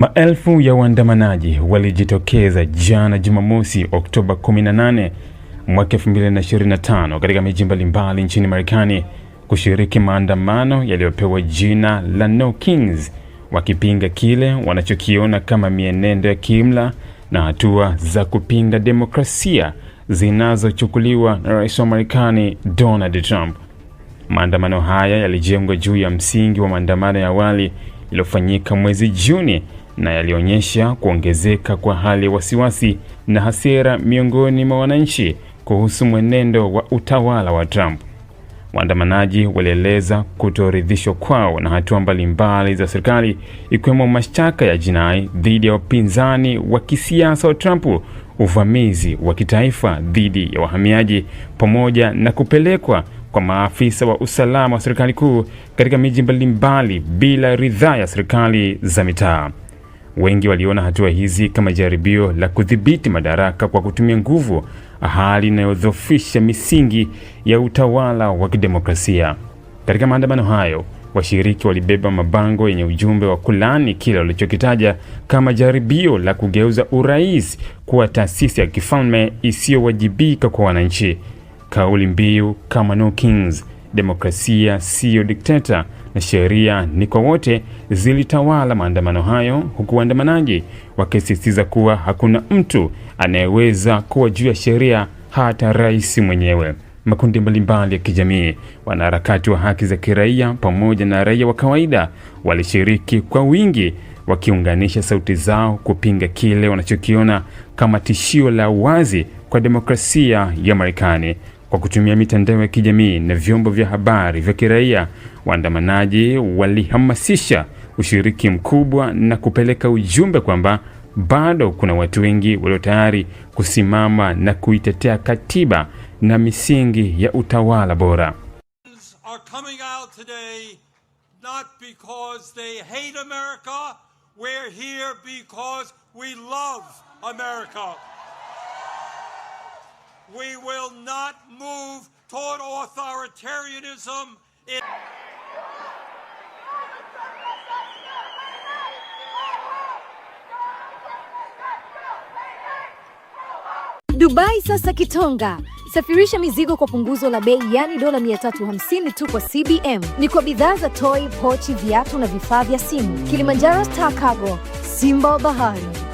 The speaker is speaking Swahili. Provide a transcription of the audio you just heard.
Maelfu ya waandamanaji walijitokeza jana Jumamosi, Oktoba 18 mwaka 2025 katika miji mbalimbali nchini Marekani kushiriki maandamano yaliyopewa jina la No Kings, wakipinga kile wanachokiona kama mienendo ya kiimla na hatua za kupinga demokrasia zinazochukuliwa na rais wa Marekani Donald Trump. Maandamano haya yalijengwa juu ya msingi wa maandamano ya awali yaliyofanyika mwezi Juni na yalionyesha kuongezeka kwa hali ya wasiwasi na hasira miongoni mwa wananchi kuhusu mwenendo wa utawala wa Trump. Waandamanaji walieleza kutoridhishwa kwao na hatua mbalimbali za serikali ikiwemo mashtaka ya jinai dhidi ya wapinzani wa kisiasa wa Trump, uvamizi wa kitaifa dhidi ya wahamiaji, pamoja na kupelekwa kwa maafisa wa usalama wa serikali kuu katika miji mbalimbali bila ridhaa ya serikali za mitaa. Wengi waliona hatua hizi kama jaribio la kudhibiti madaraka kwa kutumia nguvu, hali inayodhoofisha misingi ya utawala wa kidemokrasia. Katika maandamano hayo, washiriki walibeba mabango yenye ujumbe wa kulani kile walichokitaja kama jaribio la kugeuza urais kuwa taasisi ya kifalme isiyowajibika kwa wananchi. Kauli mbiu kama No Kings demokrasia siyo dikteta na sheria ni kwa wote zilitawala maandamano hayo, huku waandamanaji wakisisitiza kuwa hakuna mtu anayeweza kuwa juu ya sheria, hata rais mwenyewe. Makundi mbalimbali ya kijamii, wanaharakati wa haki za kiraia pamoja na raia wa kawaida walishiriki kwa wingi, wakiunganisha sauti zao kupinga kile wanachokiona kama tishio la wazi kwa demokrasia ya Marekani. Kwa kutumia mitandao ya kijamii na vyombo vya habari vya kiraia, waandamanaji walihamasisha ushiriki mkubwa na kupeleka ujumbe kwamba bado kuna watu wengi walio tayari kusimama na kuitetea katiba na misingi ya utawala bora. We're here because we love America. We will not move toward authoritarianism. It Dubai sasa Kitonga. Safirisha mizigo kwa punguzo la bei, yani dola 350 tu kwa CBM. Ni kwa bidhaa za toy, pochi, viatu na vifaa vya simu. Kilimanjaro Star Cargo, Simba Bahari.